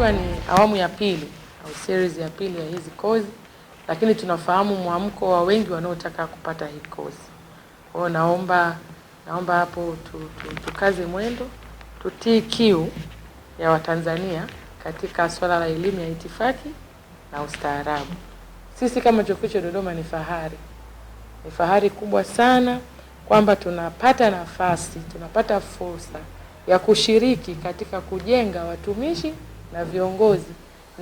ikiwa ni awamu ya pili au series ya pili ya hizi kozi, lakini tunafahamu mwamko wa wengi wanaotaka kupata hii kozi. Kwa hiyo naomba naomba hapo tukaze tu, tu mwendo tutii kiu ya Watanzania katika swala la elimu ya itifaki na ustaarabu. Sisi kama Chuo Kikuu cha Dodoma ni fahari, ni fahari kubwa sana kwamba tunapata nafasi, tunapata fursa ya kushiriki katika kujenga watumishi na viongozi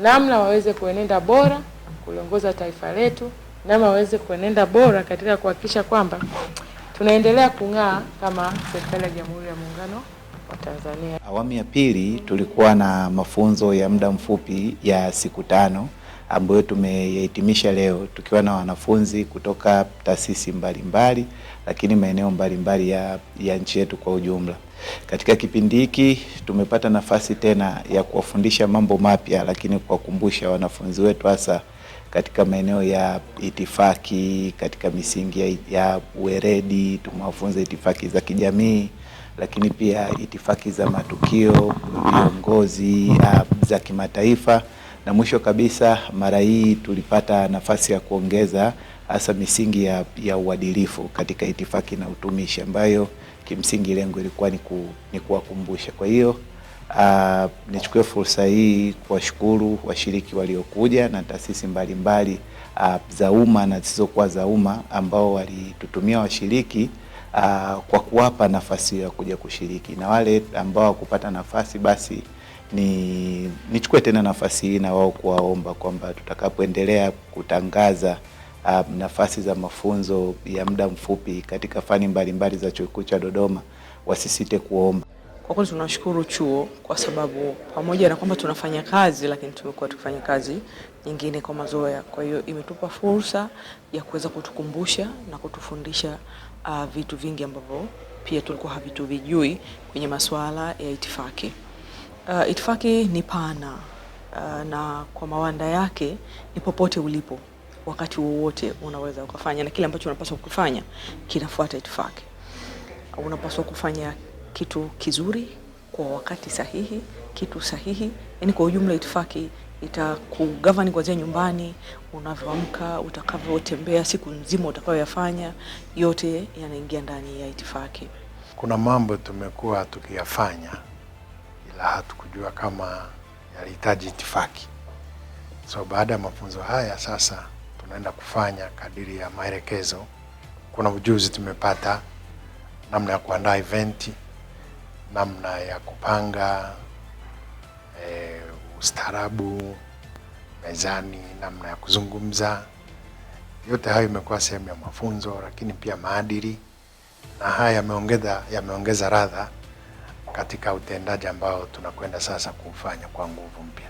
namna waweze kuenenda bora kuliongoza taifa letu, namna waweze kuenenda bora katika kuhakikisha kwamba tunaendelea kung'aa kama serikali ya Jamhuri ya Muungano wa Tanzania. Awamu ya pili tulikuwa na mafunzo ya muda mfupi ya siku tano ambayo tumeyahitimisha leo tukiwa na wanafunzi kutoka taasisi mbalimbali, lakini maeneo mbalimbali ya, ya nchi yetu kwa ujumla. Katika kipindi hiki tumepata nafasi tena ya kuwafundisha mambo mapya, lakini kuwakumbusha wanafunzi wetu hasa katika maeneo ya itifaki, katika misingi ya, ya uweredi. Tumewafunza itifaki za kijamii, lakini pia itifaki za matukio, viongozi ah, za kimataifa na mwisho kabisa, mara hii tulipata nafasi ya kuongeza hasa misingi ya, ya uadilifu katika itifaki na utumishi ambayo kimsingi lengo ilikuwa ni kuwakumbusha. Kwa hiyo uh, nichukue fursa hii kuwashukuru washiriki waliokuja na taasisi mbalimbali uh, za umma na zisizokuwa za umma ambao walitutumia washiriki uh, kwa kuwapa nafasi ya kuja kushiriki na wale ambao wakupata nafasi basi ni nichukue tena nafasi hii na wao kuwaomba kwamba tutakapoendelea kutangaza um, nafasi za mafunzo ya muda mfupi katika fani mbalimbali za Chuo Kikuu cha Dodoma wasisite kuomba. Kwa kweli tunashukuru chuo kwa sababu pamoja na kwamba tunafanya kazi lakini tumekuwa tukifanya kazi nyingine kwa mazoea. Kwa hiyo imetupa fursa ya kuweza kutukumbusha na kutufundisha uh, vitu vingi ambavyo pia tulikuwa havituvijui kwenye masuala ya itifaki. Uh, itifaki ni pana uh, na kwa mawanda yake ni popote ulipo, wakati wowote unaweza ukafanya, na kile ambacho unapaswa kufanya kinafuata itifaki. Unapaswa kufanya kitu kizuri kwa wakati sahihi, kitu sahihi, Yani kwa ujumla itifaki itakugovern kuanzia nyumbani, unavyoamka, utakavyotembea, siku nzima utakayoyafanya, yote yanaingia ndani ya itifaki. Kuna mambo tumekuwa tukiyafanya la hatukujua kama yalihitaji itifaki. So baada ya mafunzo haya sasa tunaenda kufanya kadiri ya maelekezo. Kuna ujuzi tumepata namna ya kuandaa eventi, namna ya kupanga e, ustaarabu mezani, namna ya kuzungumza. Yote hayo imekuwa sehemu ya mafunzo, lakini pia maadili, na haya yameongeza yameongeza radha katika utendaji ambao tunakwenda sasa kufanya kwa nguvu mpya.